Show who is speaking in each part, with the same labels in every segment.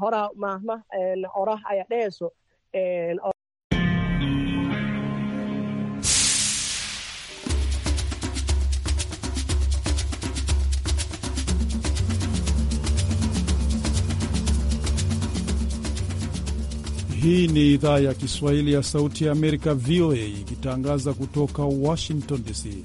Speaker 1: hora maahma orah aya dheeso
Speaker 2: Hii ni idhaa ya Kiswahili ya Sauti ya Amerika, VOA, ikitangaza kutoka Washington DC.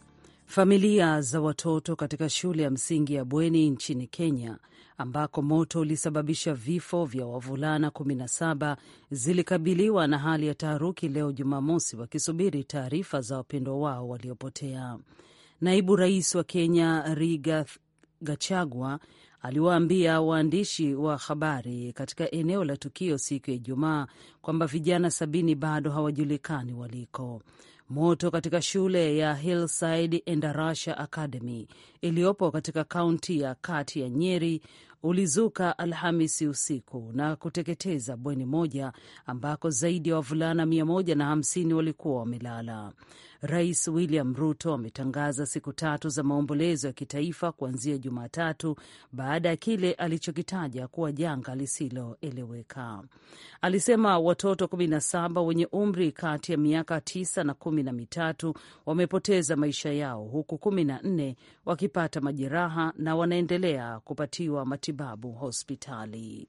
Speaker 1: Familia za watoto katika shule ya msingi ya bweni nchini Kenya ambako moto ulisababisha vifo vya wavulana 17 zilikabiliwa na hali ya taharuki leo Jumamosi, wakisubiri taarifa za wapendwa wao waliopotea. Naibu rais wa Kenya Rigathi Gachagua aliwaambia waandishi wa habari katika eneo la tukio siku ya Ijumaa kwamba vijana sabini bado hawajulikani waliko. Moto katika shule ya Hillside Endarasha Academy iliyopo katika kaunti ya kati ya Nyeri ulizuka Alhamisi usiku na kuteketeza bweni moja ambako zaidi ya wavulana 150 walikuwa wamelala. Rais William Ruto ametangaza siku tatu za maombolezo ya kitaifa kuanzia Jumatatu baada ya kile alichokitaja kuwa janga lisiloeleweka. Alisema watoto 17 wenye umri kati ya miaka 9 na kumi na mitatu wamepoteza maisha yao huku 14 wakipata majeraha na wanaendelea kupatiwa matibabu matibabu hospitali.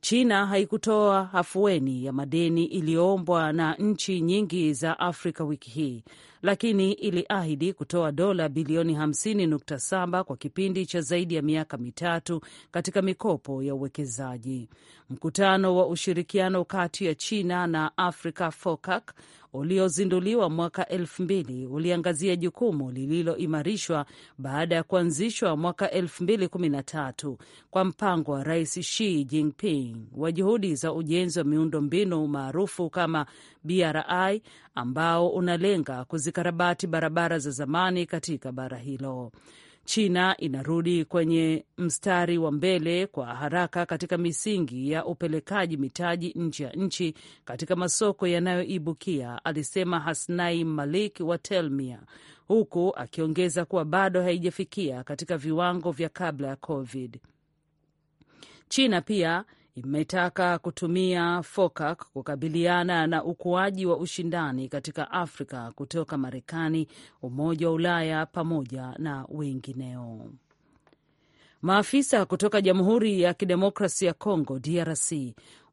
Speaker 1: China haikutoa afueni ya madeni iliyoombwa na nchi nyingi za Afrika wiki hii, lakini iliahidi kutoa dola bilioni 50.7 kwa kipindi cha zaidi ya miaka mitatu katika mikopo ya uwekezaji. Mkutano wa ushirikiano kati ya China na Africa FOCAC uliozinduliwa mwaka elfu mbili uliangazia jukumu lililoimarishwa baada ya kuanzishwa mwaka elfu mbili kumi na tatu kwa mpango wa Rais Xi Jinping wa juhudi za ujenzi wa miundo mbinu maarufu kama BRI ambao unalenga kuzikarabati barabara za zamani katika bara hilo. China inarudi kwenye mstari wa mbele kwa haraka katika misingi ya upelekaji mitaji nje ya nchi katika masoko yanayoibukia, alisema Hasnai Malik wa Telmia, huku akiongeza kuwa bado haijafikia katika viwango vya kabla ya COVID. China pia imetaka kutumia FOCAC kukabiliana na ukuaji wa ushindani katika Afrika kutoka Marekani, Umoja wa Ulaya pamoja na wengineo. Maafisa kutoka Jamhuri ya Kidemokrasi ya congo DRC,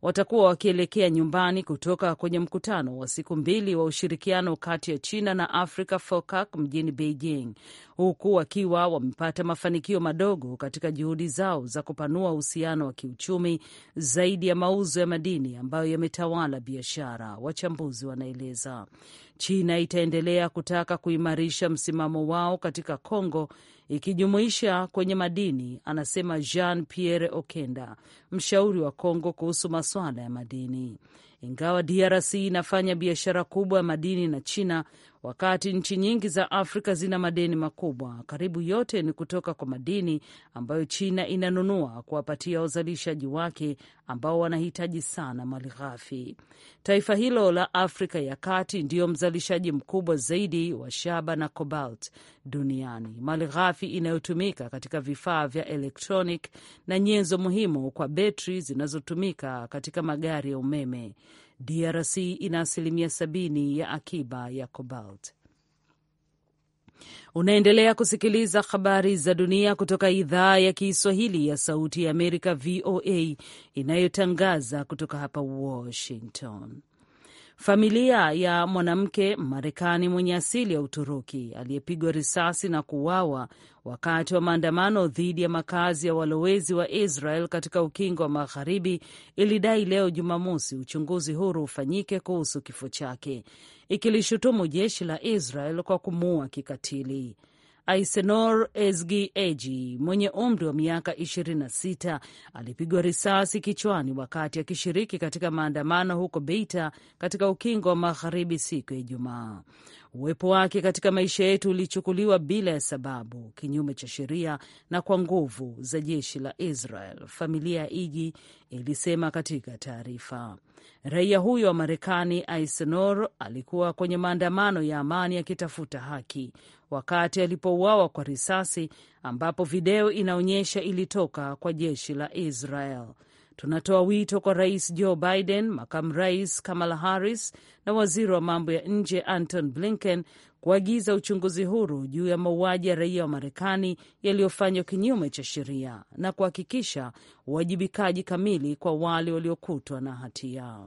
Speaker 1: watakuwa wakielekea nyumbani kutoka kwenye mkutano wa siku mbili wa ushirikiano kati ya China na Africa FOCAC mjini Beijing, huku wakiwa wamepata mafanikio madogo katika juhudi zao za kupanua uhusiano wa kiuchumi zaidi ya mauzo ya madini ambayo yametawala biashara. Wachambuzi wanaeleza China itaendelea kutaka kuimarisha msimamo wao katika congo ikijumuisha kwenye madini, anasema Jean Pierre Okenda, mshauri wa Congo kuhusu masuala ya madini. Ingawa DRC inafanya biashara kubwa ya madini na China, Wakati nchi nyingi za Afrika zina madeni makubwa, karibu yote ni kutoka kwa madini ambayo China inanunua kuwapatia wazalishaji wake ambao wanahitaji sana mali ghafi Taifa hilo la Afrika ya Kati ndiyo mzalishaji mkubwa zaidi wa shaba na cobalt duniani, mali ghafi inayotumika katika vifaa vya elektronic na nyenzo muhimu kwa betri zinazotumika katika magari ya umeme. DRC ina asilimia sabini ya akiba ya cobalt. Unaendelea kusikiliza habari za dunia kutoka idhaa ya Kiswahili ya Sauti ya Amerika, VOA, inayotangaza kutoka hapa Washington. Familia ya mwanamke Marekani mwenye asili ya Uturuki aliyepigwa risasi na kuuawa wakati wa maandamano dhidi ya makazi ya walowezi wa Israel katika ukingo wa Magharibi ilidai leo Jumamosi uchunguzi huru ufanyike kuhusu kifo chake, ikilishutumu jeshi la Israel kwa kumuua kikatili. Aisenor esgi Eji mwenye umri wa miaka 26 alipigwa risasi kichwani wakati akishiriki katika maandamano huko Beita katika ukingo wa magharibi siku ya Ijumaa. Uwepo wake katika maisha yetu ulichukuliwa bila ya sababu, kinyume cha sheria na kwa nguvu za jeshi la Israel, familia ya Iji ilisema katika taarifa. Raia huyo wa Marekani, Aisenor, alikuwa kwenye maandamano ya amani akitafuta haki wakati alipouawa kwa risasi, ambapo video inaonyesha ilitoka kwa jeshi la Israel. Tunatoa wito kwa Rais Joe Biden, makamu rais Kamala Harris na waziri wa mambo ya nje Anton Blinken kuagiza uchunguzi huru juu ya mauaji ya raia wa Marekani yaliyofanywa kinyume cha sheria na kuhakikisha uwajibikaji kamili kwa wale waliokutwa na hatia.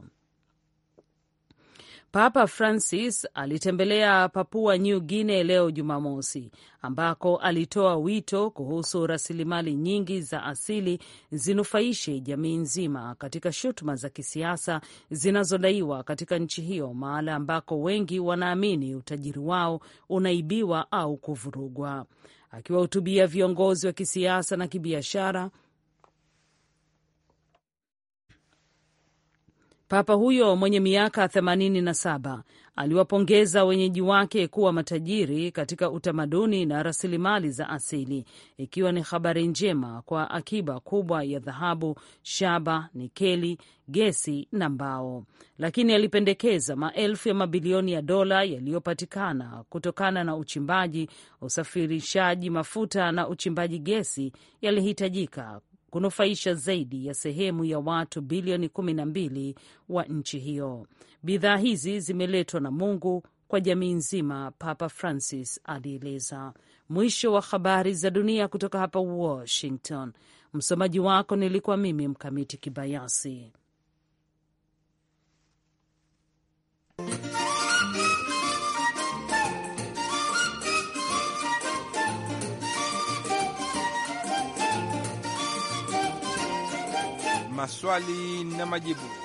Speaker 1: Papa Francis alitembelea Papua New Guinea leo Jumamosi, ambako alitoa wito kuhusu rasilimali nyingi za asili zinufaishe jamii nzima, katika shutuma za kisiasa zinazodaiwa katika nchi hiyo, mahala ambako wengi wanaamini utajiri wao unaibiwa au kuvurugwa. Akiwahutubia viongozi wa kisiasa na kibiashara Papa huyo mwenye miaka 87 aliwapongeza wenyeji wake kuwa matajiri katika utamaduni na rasilimali za asili, ikiwa ni habari njema kwa akiba kubwa ya dhahabu, shaba, nikeli, gesi na mbao, lakini alipendekeza maelfu ya mabilioni ya dola yaliyopatikana kutokana na uchimbaji, usafirishaji mafuta na uchimbaji gesi yalihitajika kunufaisha zaidi ya sehemu ya watu bilioni 12 wa nchi hiyo. Bidhaa hizi zimeletwa na Mungu kwa jamii nzima, Papa Francis alieleza. Mwisho wa habari za dunia kutoka hapa Washington. Msomaji wako nilikuwa mimi Mkamiti Kibayasi.
Speaker 3: maswali na majibu.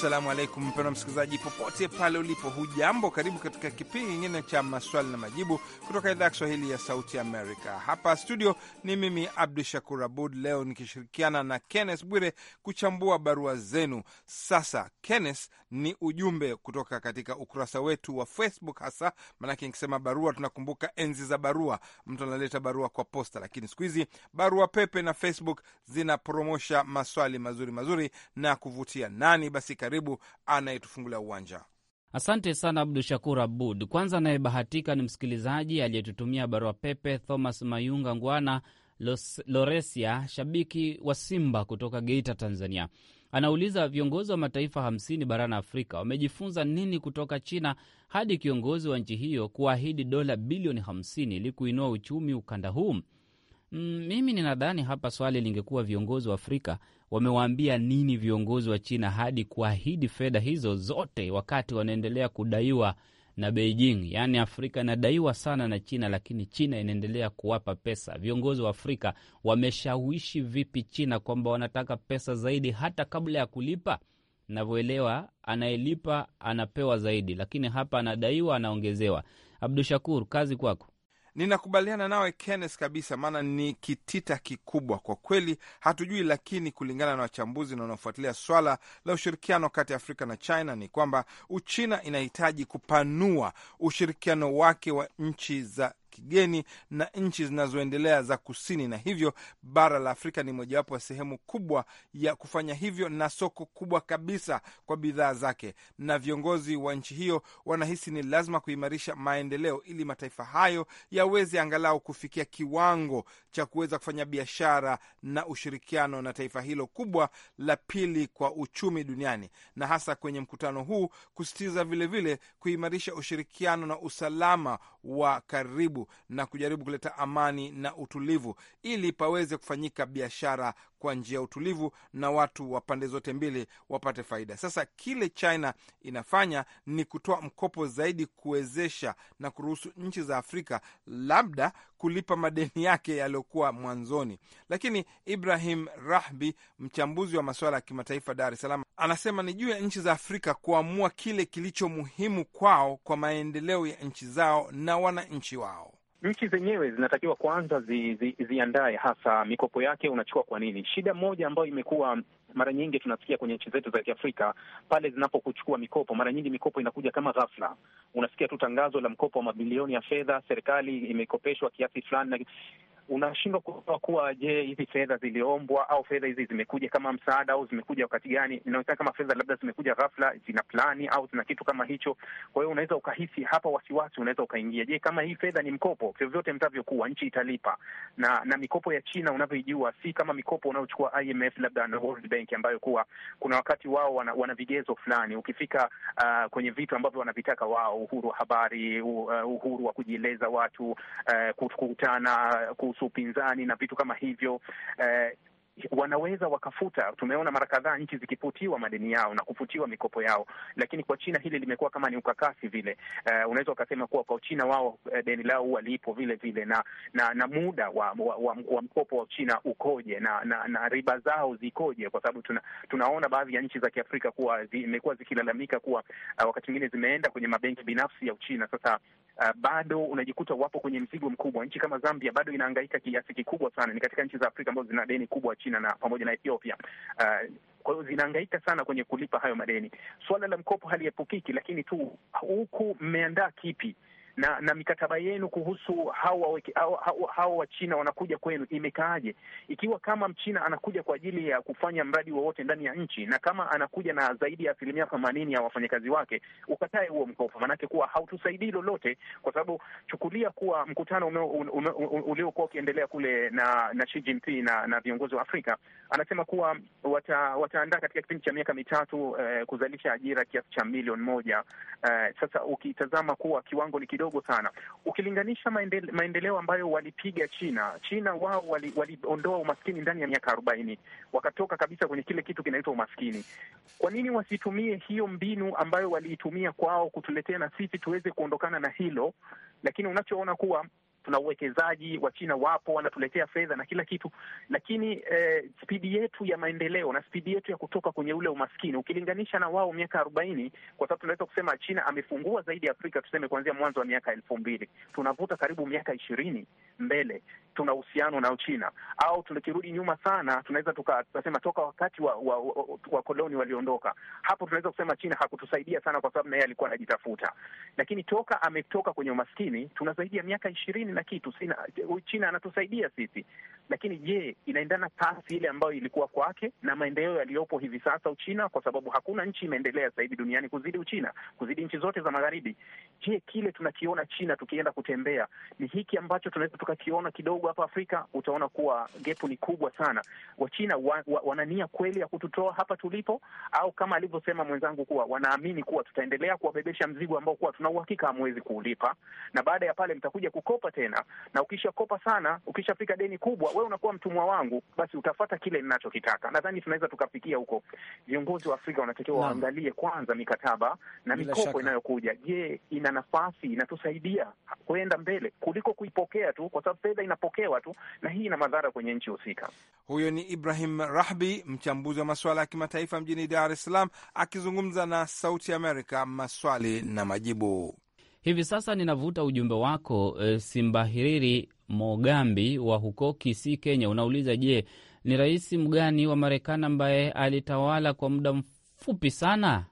Speaker 3: Assalamu alaikum mpendwa msikilizaji, popote pale ulipo, hujambo? Karibu katika kipindi kingine cha maswali na majibu kutoka idhaa ya Kiswahili ya Sauti Amerika. Hapa studio ni mimi Abdu Shakur Abud, leo nikishirikiana na Kennes Bwire kuchambua barua zenu. Sasa Kennes ni ujumbe kutoka katika ukurasa wetu wa Facebook hasa, maanake nikisema barua tunakumbuka enzi za barua, mtu analeta barua kwa posta, lakini siku hizi barua pepe na Facebook zinapromosha maswali mazuri mazuri na kuvutia. Nani basi? Karibu anayetufungulia uwanja.
Speaker 4: Asante sana Abdu Shakur Abud. Kwanza anayebahatika ni msikilizaji aliyetutumia barua pepe, Thomas Mayunga Ngwana Los, Loresia, shabiki wa Simba kutoka Geita, Tanzania. Anauliza viongozi wa mataifa hamsini barani Afrika wamejifunza nini kutoka China hadi kiongozi wa nchi hiyo kuahidi dola bilioni hamsini ili kuinua uchumi ukanda huu? Mm, mimi ninadhani hapa swali lingekuwa viongozi wa Afrika wamewaambia nini viongozi wa China hadi kuahidi fedha hizo zote wakati wanaendelea kudaiwa na Beijing. Yaani Afrika inadaiwa sana na China, lakini China inaendelea kuwapa pesa. Viongozi wa Afrika wameshawishi vipi China kwamba wanataka pesa zaidi hata kabla ya kulipa? Navyoelewa anayelipa anapewa zaidi, lakini hapa anadaiwa, anaongezewa. Abdu Shakur, kazi kwako.
Speaker 3: Ninakubaliana nawe Kenneth kabisa, maana ni kitita kikubwa kwa kweli, hatujui. Lakini kulingana na wachambuzi na wanaofuatilia swala la ushirikiano kati ya Afrika na China ni kwamba Uchina inahitaji kupanua ushirikiano wake wa nchi za kigeni na nchi zinazoendelea za kusini, na hivyo bara la Afrika ni mojawapo ya sehemu kubwa ya kufanya hivyo na soko kubwa kabisa kwa bidhaa zake, na viongozi wa nchi hiyo wanahisi ni lazima kuimarisha maendeleo ili mataifa hayo yaweze angalau kufikia kiwango cha kuweza kufanya biashara na ushirikiano na taifa hilo kubwa la pili kwa uchumi duniani, na hasa kwenye mkutano huu kusisitiza vilevile kuimarisha ushirikiano na usalama wa karibu na kujaribu kuleta amani na utulivu ili paweze kufanyika biashara kwa njia ya utulivu na watu wa pande zote mbili wapate faida. Sasa kile China inafanya ni kutoa mkopo zaidi kuwezesha na kuruhusu nchi za Afrika labda kulipa madeni yake yaliyokuwa mwanzoni. Lakini Ibrahim Rahbi, mchambuzi wa masuala ya kimataifa, Dar es Salaam, anasema ni juu ya nchi za Afrika kuamua kile kilicho muhimu kwao kwa maendeleo ya nchi zao na wananchi wao
Speaker 5: nchi zenyewe zinatakiwa kwanza zi, zi, ziandae hasa mikopo yake unachukua kwa nini. Shida moja ambayo imekuwa mara nyingi tunasikia kwenye nchi zetu za Kiafrika pale zinapokuchukua mikopo, mara nyingi mikopo inakuja kama ghafla. Unasikia tu tangazo la mkopo wa mabilioni ya fedha, serikali imekopeshwa kiasi fulani unashindwa kuelewa kuwa je, hizi fedha ziliombwa au fedha hizi zimekuja kama msaada au zimekuja wakati gani? Inaonekana kama fedha labda zimekuja ghafla, zina plani au zina kitu kama hicho. Kwa hiyo unaweza ukahisi hapa wasiwasi, unaweza ukaingia, je, kama hii fedha ni mkopo, vyovyote mtavyokuwa nchi italipa. Na na mikopo ya China unavyoijua si kama mikopo unayochukua IMF labda na World Bank benki ambayo kuwa kuna wakati wao wana, wana vigezo fulani. Ukifika uh, kwenye vitu ambavyo wanavitaka wao, uhuru wa habari, uh, uhuru wa kujieleza watu, uh, kukutana uh, kuhusu upinzani na vitu kama hivyo uh, wanaweza wakafuta. Tumeona mara kadhaa nchi zikifutiwa madeni yao na kufutiwa mikopo yao, lakini kwa China hili limekuwa kama ni ukakasi vile. Uh, unaweza ukasema kuwa kwa Uchina wao eh, deni lao huwa lipo vile vile, na na, na muda wa, wa, wa, wa mkopo wa Uchina ukoje na, na, na riba zao zikoje, kwa sababu tuna, tunaona baadhi ya nchi za Kiafrika kuwa zimekuwa zikilalamika kuwa uh, wakati mwingine zimeenda kwenye mabenki binafsi ya Uchina. Sasa uh, bado unajikuta wapo kwenye mzigo mkubwa. Nchi kama Zambia bado inahangaika kiasi kikubwa sana, ni katika nchi za Afrika ambazo zina deni kubwa China. China na pamoja na Ethiopia uh, kwa hiyo zinahangaika sana kwenye kulipa hayo madeni. Suala la mkopo haliepukiki, lakini tu huku mmeandaa kipi? na na mikataba yenu kuhusu hawa hawa Wachina wanakuja kwenu imekaaje? Ikiwa kama Mchina anakuja kwa ajili ya kufanya mradi wowote ndani ya nchi, na kama anakuja na zaidi ya asilimia themanini ya wafanyakazi wake, ukatae huo mkopo, maanake kuwa hautusaidii lolote, kwa sababu chukulia kuwa mkutano uliokuwa ukiendelea kule na na Xi Jinping na na viongozi wa Afrika, anasema kuwa wataandaa wata katika kipindi cha miaka mitatu eh, kuzalisha ajira kiasi cha milioni moja eh, sasa ukitazama kuwa kiwango ni kidogo sana ukilinganisha maendele, maendeleo ambayo walipiga China. China wao waliondoa wali umaskini ndani ya miaka arobaini, wakatoka kabisa kwenye kile kitu kinaitwa umaskini. Kwa nini wasitumie hiyo mbinu ambayo waliitumia kwao kutuletea na sisi tuweze kuondokana na hilo? Lakini unachoona kuwa tuna uwekezaji, wa China wapo wanatuletea fedha na kila kitu, lakini eh, spidi yetu ya maendeleo na spidi yetu ya kutoka kwenye ule umaskini ukilinganisha na wao miaka arobaini, kwa sababu tunaweza kusema China amefungua zaidi ya Afrika, tuseme kuanzia mwanzo wa miaka elfu mbili, tunavuta karibu miaka ishirini mbele tuna uhusiano na China au tukirudi nyuma sana, tunaweza tukasema toka wakati wa wa, wa, wa koloni waliondoka hapo, tunaweza kusema China hakutusaidia sana, kwa sababu na yeye alikuwa anajitafuta, lakini toka ametoka kwenye umaskini tuna zaidi ya miaka ishirini sitini na kitu sina, China anatusaidia sisi, lakini je, inaendana kasi ile ambayo ilikuwa kwake na maendeleo yaliyopo hivi sasa Uchina? Kwa sababu hakuna nchi imeendelea sasa duniani kuzidi Uchina, kuzidi nchi zote za magharibi. Je, kile tunakiona China tukienda kutembea ni hiki ambacho tunaweza tukakiona kidogo hapa Afrika? Utaona kuwa gepu ni kubwa sana. Wachina wa, wa, wanania kweli ya kututoa hapa tulipo, au kama alivyosema mwenzangu kuwa wanaamini kuwa tutaendelea kuwabebesha mzigo ambao kuwa tuna uhakika hamwezi kuulipa, na baada ya pale mtakuja kukopa tena, na ukishakopa sana, ukishafika deni kubwa, wewe unakuwa mtumwa wangu, basi utafata kile ninachokitaka. Nadhani tunaweza tukafikia huko. Viongozi wa Afrika wanatakiwa no. waangalie kwanza mikataba na mikopo inayokuja, je, ina nafasi inatusaidia kuenda mbele kuliko kuipokea tu, kwa sababu fedha inapokewa tu, na hii ina madhara kwenye nchi husika.
Speaker 3: Huyo ni Ibrahim Rahbi, mchambuzi wa masuala ya kimataifa mjini Dar es Salaam, akizungumza na Sauti Amerika maswali na majibu.
Speaker 4: Hivi sasa ninavuta ujumbe wako e, eh, Simbahiriri Mogambi wa huko Kisii, Kenya. Unauliza, je, ni rais mgani wa Marekani ambaye alitawala kwa muda mfupi sana?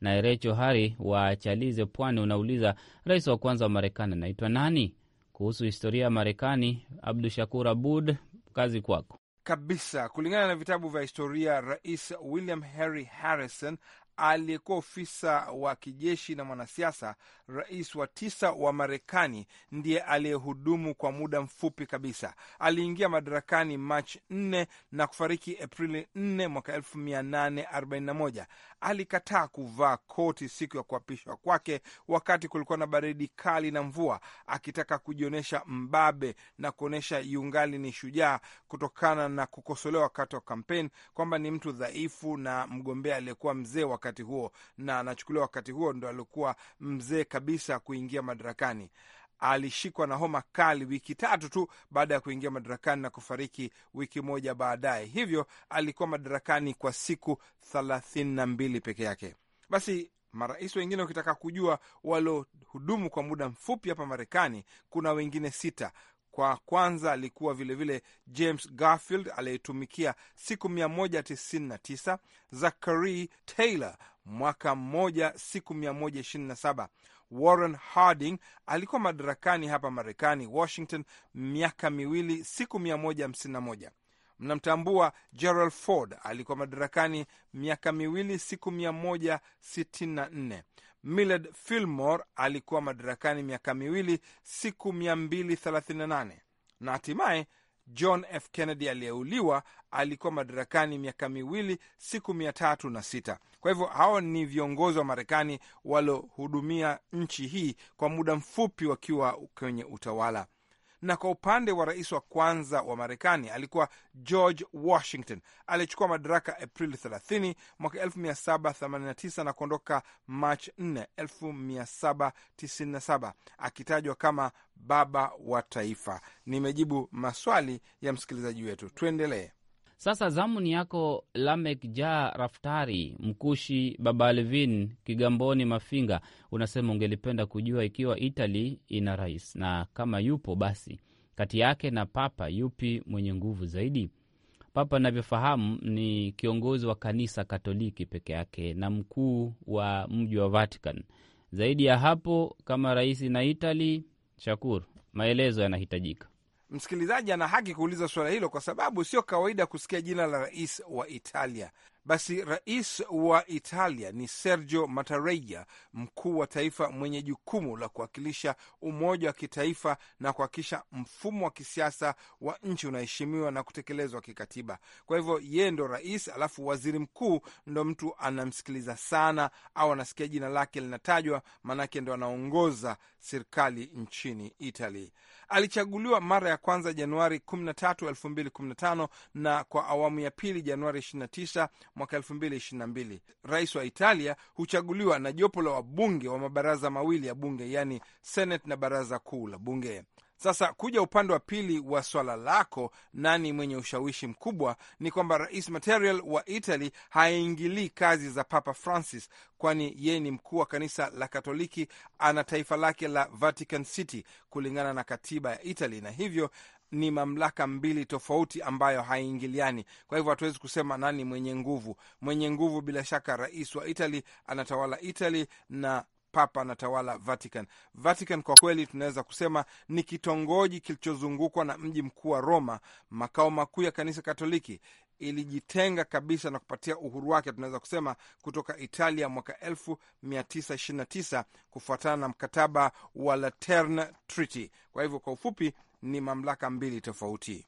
Speaker 4: Na Recho Hari wa Chalize, Pwani, unauliza rais wa kwanza wa Marekani anaitwa nani? Kuhusu historia ya Marekani, Abdu Shakur Abud, kazi kwako
Speaker 3: kabisa. Kulingana na vitabu vya historia, Rais William Henry Harrison aliyekuwa ofisa wa kijeshi na mwanasiasa, rais wa tisa wa Marekani, ndiye aliyehudumu kwa muda mfupi kabisa. Aliingia madarakani Machi 4 na kufariki Aprili 4 mwaka 1841. Alikataa kuvaa koti siku ya kuapishwa kwake, wakati kulikuwa na baridi kali na mvua, akitaka kujionyesha mbabe na kuonyesha yungali ni shujaa, kutokana na kukosolewa wakati wa kampeni kwamba ni mtu dhaifu na mgombea aliyekuwa mzee wakati huo, na anachukuliwa wakati huo ndo alikuwa mzee kabisa kuingia madarakani. Alishikwa na homa kali wiki tatu tu baada ya kuingia madarakani na kufariki wiki moja baadaye. Hivyo alikuwa madarakani kwa siku thelathini na mbili peke yake. Basi marais wengine ukitaka kujua waliohudumu kwa muda mfupi hapa Marekani, kuna wengine sita kwa kwanza alikuwa vilevile vile James Garfield aliyetumikia siku 199, Zachary Taylor mwaka mmoja siku 127. Warren Harding alikuwa madarakani hapa Marekani, Washington, miaka miwili siku 151. Mnamtambua Gerald Ford alikuwa madarakani miaka miwili siku 164. Millard Fillmore alikuwa madarakani miaka miwili siku 238 na hatimaye John F. Kennedy aliyeuliwa alikuwa madarakani miaka miwili siku mia tatu na sita. Kwa hivyo hao ni viongozi wa Marekani waliohudumia nchi hii kwa muda mfupi wakiwa kwenye utawala na kwa upande wa rais wa kwanza wa Marekani alikuwa George Washington, aliyechukua madaraka Aprili 30 mwaka 1789 na kuondoka mach 4, 1797 akitajwa kama baba wa taifa. Nimejibu maswali ya msikilizaji wetu, tuendelee. Sasa
Speaker 4: zamu ni yako Lamek Ja Raftari, Mkushi, Baba Kigamboni Mafinga. Unasema ungelipenda kujua ikiwa Itali ina rais na kama yupo basi kati yake na Papa yupi mwenye nguvu zaidi? Papa navyofahamu ni kiongozi wa kanisa Katoliki peke yake na mkuu wa mji wa Vatican. Zaidi ya hapo, kama rais na Itali, Shakur, maelezo yanahitajika.
Speaker 3: Msikilizaji ana haki kuuliza suala hilo kwa sababu sio kawaida kusikia jina la rais wa Italia. Basi rais wa Italia ni Sergio Mattarella, mkuu wa taifa mwenye jukumu la kuwakilisha umoja wa kitaifa na kuhakikisha mfumo wa kisiasa wa nchi unaheshimiwa na kutekelezwa kikatiba. Kwa hivyo yeye ndo rais, alafu waziri mkuu ndo mtu anamsikiliza sana, au anasikia jina lake linatajwa, maanake ndo anaongoza serikali nchini Italy. Alichaguliwa mara ya kwanza Januari 13, 2015 na kwa awamu ya pili Januari 29 mwaka 2022. Rais wa Italia huchaguliwa na jopo la wabunge wa mabaraza mawili ya bunge, yani Senate na baraza kuu la bunge. Sasa kuja upande wa pili wa swala lako, nani mwenye ushawishi mkubwa, ni kwamba rais material wa Italy haingilii kazi za Papa Francis, kwani yeye ni mkuu wa kanisa la Katoliki, ana taifa lake la Vatican City kulingana na katiba ya Italy, na hivyo ni mamlaka mbili tofauti ambayo haiingiliani. Kwa hivyo hatuwezi kusema nani mwenye nguvu. Mwenye nguvu bila shaka rais wa Italy anatawala Italy na papa anatawala Vatican. Vatican kwa kweli tunaweza kusema ni kitongoji kilichozungukwa na mji mkuu wa Roma, makao makuu ya kanisa Katoliki. Ilijitenga kabisa na kupatia uhuru wake, tunaweza kusema kutoka Italia mwaka 1929 kufuatana na mkataba wa Lateran Treaty. Kwa hivyo, kwa ufupi ni mamlaka mbili tofauti.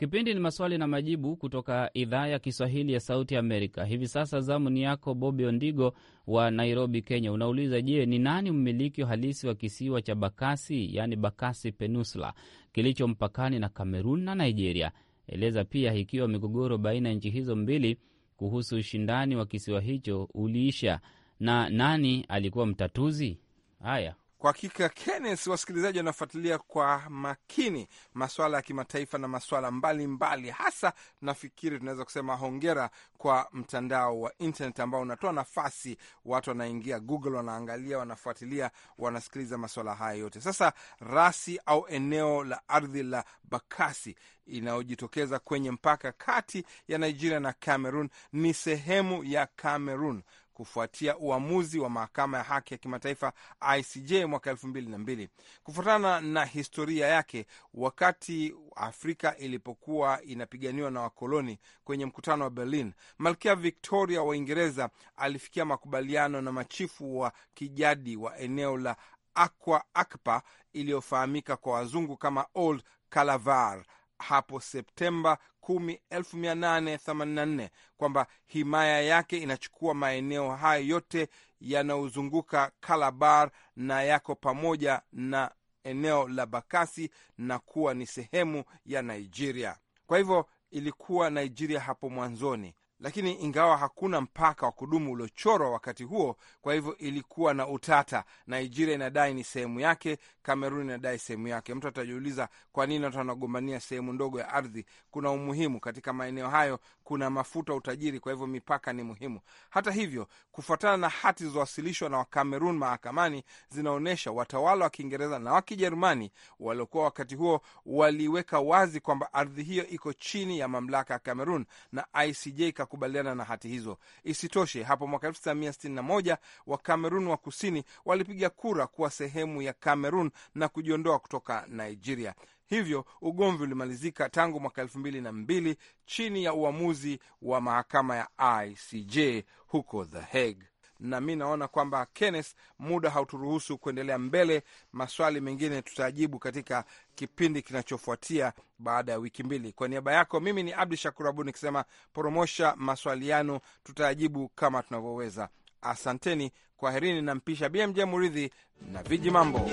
Speaker 4: Kipindi ni maswali na majibu kutoka idhaa ya Kiswahili ya Sauti Amerika. Hivi sasa zamu ni yako Bobi Ondigo wa Nairobi, Kenya. Unauliza, je, ni nani mmiliki halisi wa kisiwa cha Bakasi, yaani Bakasi Peninsula kilicho mpakani na Kamerun na Nigeria? Eleza pia ikiwa migogoro baina ya nchi hizo mbili kuhusu ushindani wa kisiwa hicho uliisha na nani alikuwa mtatuzi.
Speaker 3: Haya, kwa hakika Kenneth, wasikilizaji wanafuatilia kwa makini maswala ya kimataifa na maswala mbalimbali mbali. Hasa nafikiri tunaweza kusema hongera kwa mtandao wa internet ambao unatoa nafasi, watu wanaingia Google, wanaangalia, wanafuatilia, wanasikiliza maswala haya yote. Sasa rasi au eneo la ardhi la bakasi inayojitokeza kwenye mpaka kati ya Nigeria na Cameroon ni sehemu ya Cameroon kufuatia uamuzi wa mahakama ya haki ya kimataifa ICJ mwaka elfu mbili na mbili. Kufuatana na historia yake, wakati Afrika ilipokuwa inapiganiwa na wakoloni kwenye mkutano wa Berlin, malkia Victoria wa Uingereza alifikia makubaliano na machifu wa kijadi wa eneo la Akwa Akpa iliyofahamika kwa wazungu kama Old Kalavar hapo Septemba 10, 1884 kwamba himaya yake inachukua maeneo hayo yote yanayozunguka Kalabar na yako pamoja na eneo la Bakasi na kuwa ni sehemu ya Nigeria. Kwa hivyo ilikuwa Nigeria hapo mwanzoni, lakini ingawa hakuna mpaka wa kudumu uliochorwa wakati huo, kwa hivyo ilikuwa na utata. Nigeria inadai ni sehemu yake, Kamerun inadai sehemu yake. Mtu atajiuliza kwa nini watu wanagombania sehemu ndogo ya ardhi? Kuna umuhimu katika maeneo hayo, kuna mafuta, utajiri, kwa hivyo mipaka ni muhimu. Hata hivyo, kufuatana na hati zilizowasilishwa na Wakamerun mahakamani, zinaonyesha watawala wa Kiingereza na wa Kijerumani waliokuwa wakati huo waliweka wazi kwamba ardhi hiyo iko chini ya mamlaka ya Kamerun na ICJ hakubaliana na hati hizo. Isitoshe, hapo mwaka 1961 wa Kamerun wa kusini walipiga kura kuwa sehemu ya Kamerun na kujiondoa kutoka Nigeria. Hivyo ugomvi ulimalizika tangu mwaka elfu mbili na mbili chini ya uamuzi wa mahakama ya ICJ huko The Hague na mi naona kwamba Kenneth, muda hauturuhusu kuendelea mbele. Maswali mengine tutajibu katika kipindi kinachofuatia baada ya wiki mbili. Kwa niaba yako mimi ni Abdu Shakur Abud nikisema poromosha maswali yanu, tutayajibu kama tunavyoweza. Asanteni, kwaherini. Nampisha BMJ Muridhi na viji mambo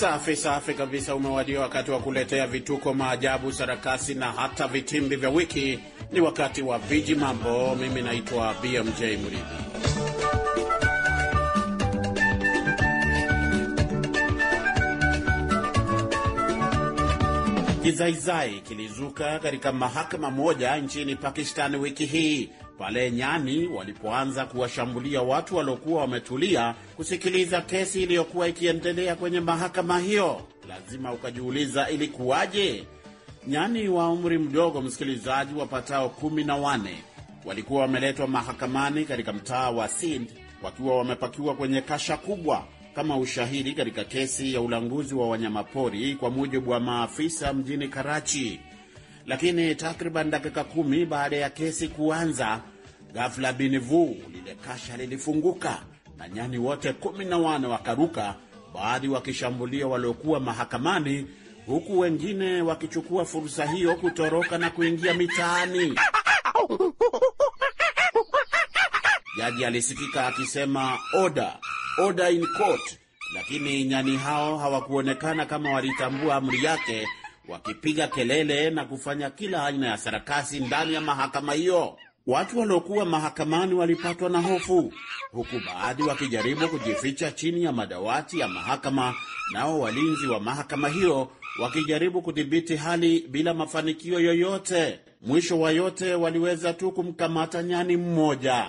Speaker 6: Safi safi kabisa. Umewadia wakati wa kuletea vituko, maajabu, sarakasi na hata vitimbi vya wiki. Ni wakati wa viji mambo. Mimi naitwa BMJ Mridhi. Kizaizai kilizuka katika mahakama moja nchini Pakistani wiki hii pale nyani walipoanza kuwashambulia watu waliokuwa wametulia kusikiliza kesi iliyokuwa ikiendelea kwenye mahakama hiyo. Lazima ukajiuliza ilikuwaje? Nyani wa umri mdogo, msikilizaji, wapatao kumi na wane walikuwa wameletwa mahakamani katika mtaa wa Sind wakiwa wamepakiwa kwenye kasha kubwa kama ushahidi katika kesi ya ulanguzi wa wanyamapori, kwa mujibu wa maafisa mjini Karachi. Lakini takriban dakika kumi baada ya kesi kuanza, ghafla binivu lile kasha lilifunguka na nyani wote kumi na wane wakaruka, baadhi wakishambulia waliokuwa mahakamani, huku wengine wakichukua fursa hiyo kutoroka na kuingia mitaani. Jaji alisikika akisema oda, oda in court, lakini nyani hao hawakuonekana kama walitambua amri yake wakipiga kelele na kufanya kila aina ya sarakasi ndani ya mahakama hiyo. Watu waliokuwa mahakamani walipatwa na hofu, huku baadhi wakijaribu kujificha chini ya madawati ya mahakama, nao walinzi wa mahakama hiyo wakijaribu kudhibiti hali bila mafanikio yoyote. Mwisho wa yote, waliweza tu kumkamata nyani mmoja.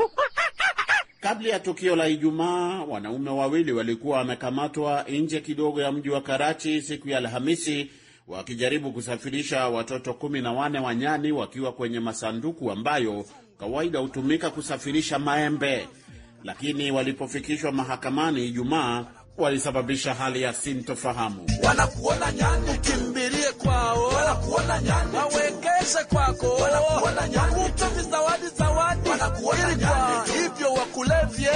Speaker 6: Kabla ya tukio la Ijumaa, wanaume wawili walikuwa wamekamatwa nje kidogo ya mji wa Karachi siku ya Alhamisi wakijaribu kusafirisha watoto kumi na wane wanyani wakiwa kwenye masanduku ambayo kawaida hutumika kusafirisha maembe, lakini walipofikishwa mahakamani Ijumaa walisababisha hali ya sintofahamu. Wanakuona nyani kimbi kwao, wawekeze kwako,
Speaker 5: utoe zawadi zawadi ili kwa hivyo wakulevye.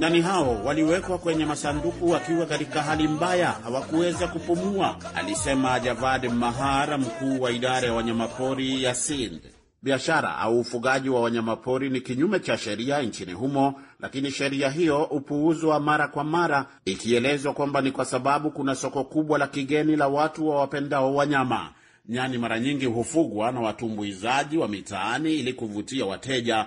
Speaker 5: Na
Speaker 6: ni hao waliwekwa kwenye masanduku wakiwa katika hali mbaya, hawakuweza kupumua, alisema Javad Mahara, mkuu wa idara ya wanyamapori ya Sind. Biashara au ufugaji wa wanyamapori ni kinyume cha sheria nchini humo lakini sheria hiyo hupuuzwa mara kwa mara, ikielezwa kwamba ni kwa sababu kuna soko kubwa la kigeni la watu wa wapendao wanyama. Nyani mara nyingi hufugwa na watumbuizaji wa mitaani ili kuvutia wateja,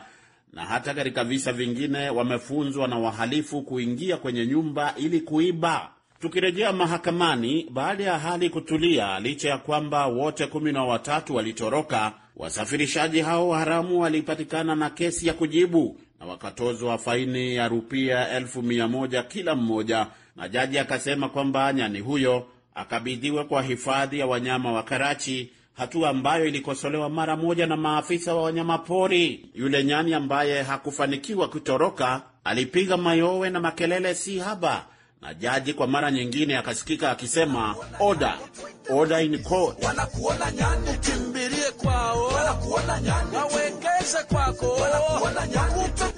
Speaker 6: na hata katika visa vingine wamefunzwa na wahalifu kuingia kwenye nyumba ili kuiba. Tukirejea mahakamani, baada ya hali kutulia, licha ya kwamba wote kumi na watatu walitoroka, wasafirishaji hao haramu walipatikana na kesi ya kujibu na wakatozwa faini ya rupia elfu mia moja kila mmoja, na jaji akasema kwamba nyani huyo akabidhiwe kwa hifadhi ya wanyama wa Karachi, hatua ambayo ilikosolewa mara moja na maafisa wa wanyamapori. Yule nyani ambaye hakufanikiwa kutoroka alipiga mayowe na makelele si haba, na jaji kwa mara nyingine akasikika akisema oda oda in court.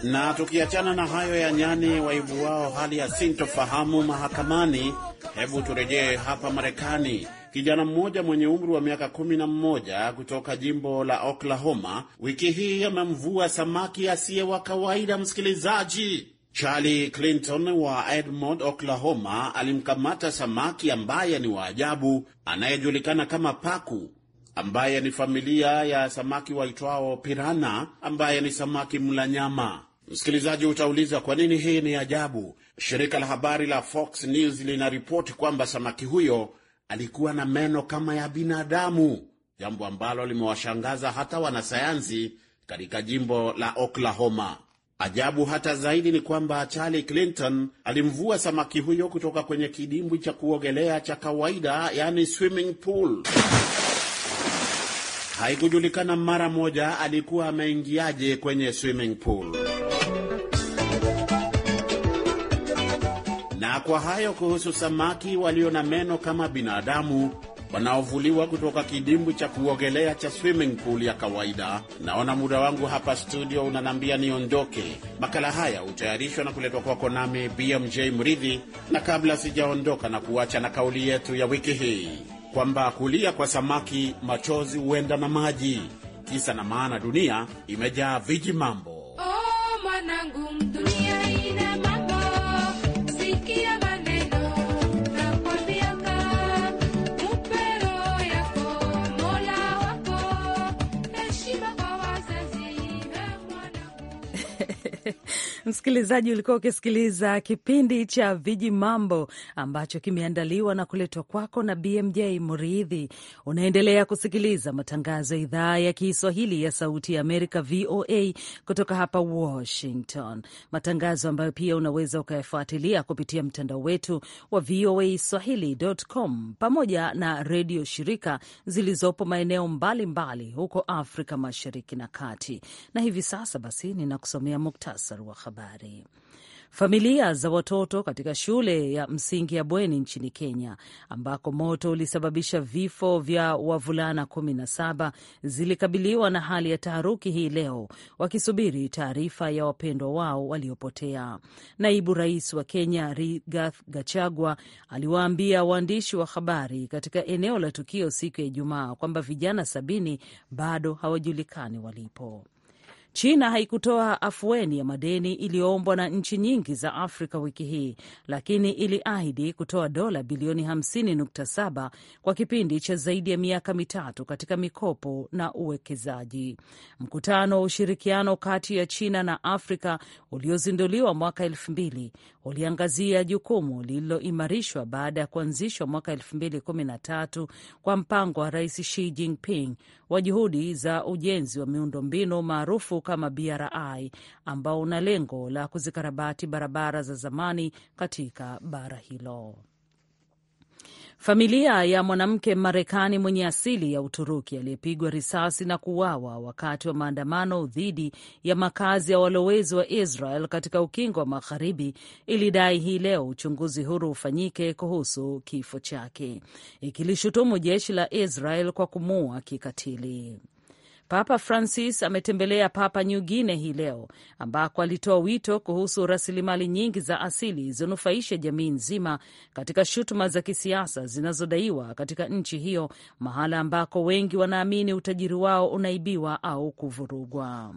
Speaker 6: Na tukiachana na hayo ya nyani waibu wao hali ya sintofahamu mahakamani, hebu turejee hapa Marekani. Kijana mmoja mwenye umri wa miaka kumi na mmoja kutoka jimbo la Oklahoma wiki hii amemvua samaki asiye wa kawaida msikilizaji. Charlie Clinton wa Edmond, Oklahoma, alimkamata samaki ambaye ni wa ajabu anayejulikana kama paku ambaye ni familia ya samaki waitwao pirana, ambaye ni samaki mla nyama. Msikilizaji, utauliza kwa nini hii ni ajabu? Shirika la habari la Fox News linaripoti kwamba samaki huyo alikuwa na meno kama ya binadamu, jambo ambalo limewashangaza hata wanasayansi katika jimbo la Oklahoma. Ajabu hata zaidi ni kwamba Charlie Clinton alimvua samaki huyo kutoka kwenye kidimbwi cha kuogelea cha kawaida, yani swimming pool Haikujulikana mara moja alikuwa ameingiaje kwenye swimming pool. Na kwa hayo kuhusu samaki walio na meno kama binadamu wanaovuliwa kutoka kidimbu cha kuogelea cha swimming pool ya kawaida. Naona muda wangu hapa studio unanambia niondoke. Makala haya hutayarishwa na kuletwa kwako nami BMJ Mridhi, na kabla sijaondoka na kuacha na kauli yetu ya wiki hii kwamba kulia kwa samaki machozi huenda na maji. Kisa na maana, dunia imejaa viji mambo.
Speaker 1: Oh, Msikilizaji, ulikuwa ukisikiliza kipindi cha Viji Mambo ambacho kimeandaliwa na kuletwa kwako na BMJ Muridhi. Unaendelea kusikiliza matangazo ya idhaa ya Kiswahili ya Sauti ya Amerika, VOA, kutoka hapa Washington, matangazo ambayo pia unaweza ukayafuatilia kupitia mtandao wetu wa VOA swahili.com pamoja na redio shirika zilizopo maeneo mbalimbali mbali huko Afrika Mashariki na Kati. Na hivi sasa basi, ninakusomea muktasari wa habari habari. Familia za watoto katika shule ya msingi ya bweni nchini Kenya ambako moto ulisababisha vifo vya wavulana saba zilikabiliwa na hali ya taharuki hii leo, wakisubiri taarifa ya wapendwa wao waliopotea. Naibu rais wa Kenya rigath Gachagua aliwaambia waandishi wa habari katika eneo la tukio siku ya Ijumaa kwamba vijana sabini bado hawajulikani walipo. China haikutoa afueni ya madeni iliyoombwa na nchi nyingi za Afrika wiki hii, lakini iliahidi kutoa dola bilioni 50.7 kwa kipindi cha zaidi ya miaka mitatu katika mikopo na uwekezaji. Mkutano wa ushirikiano kati ya China na Afrika uliozinduliwa mwaka mbili uliangazia jukumu lililoimarishwa baada ya kuanzishwa mwaka tatu kwa mpango wa Rais Xi Jinping wa juhudi za ujenzi wa miundombinu maarufu kama BRI ambao una lengo la kuzikarabati barabara za zamani katika bara hilo. Familia ya mwanamke Marekani mwenye asili ya Uturuki aliyepigwa risasi na kuuawa wakati wa maandamano dhidi ya makazi ya walowezi wa Israel katika ukingo wa Magharibi ilidai hii leo uchunguzi huru ufanyike kuhusu kifo chake, ikilishutumu jeshi la Israel kwa kumuua kikatili. Papa Francis ametembelea papa New Guinea hii leo ambako alitoa wito kuhusu rasilimali nyingi za asili zinufaishe jamii nzima, katika shutuma za kisiasa zinazodaiwa katika nchi hiyo, mahala ambako wengi wanaamini utajiri wao unaibiwa au kuvurugwa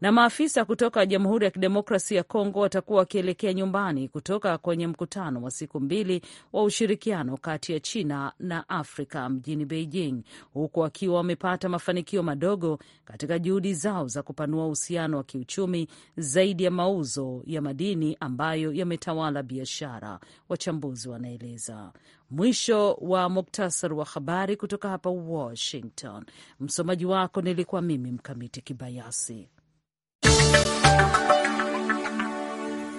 Speaker 1: na maafisa kutoka Jamhuri ya Kidemokrasi ya Kongo watakuwa wakielekea nyumbani kutoka kwenye mkutano wa siku mbili wa ushirikiano kati ya China na Afrika mjini Beijing, huku wakiwa wamepata mafanikio madogo katika juhudi zao za kupanua uhusiano wa kiuchumi zaidi ya mauzo ya madini ambayo yametawala biashara, wachambuzi wanaeleza. Mwisho wa muktasar wa habari kutoka hapa Washington. Msomaji wako nilikuwa mimi Mkamiti Kibayasi.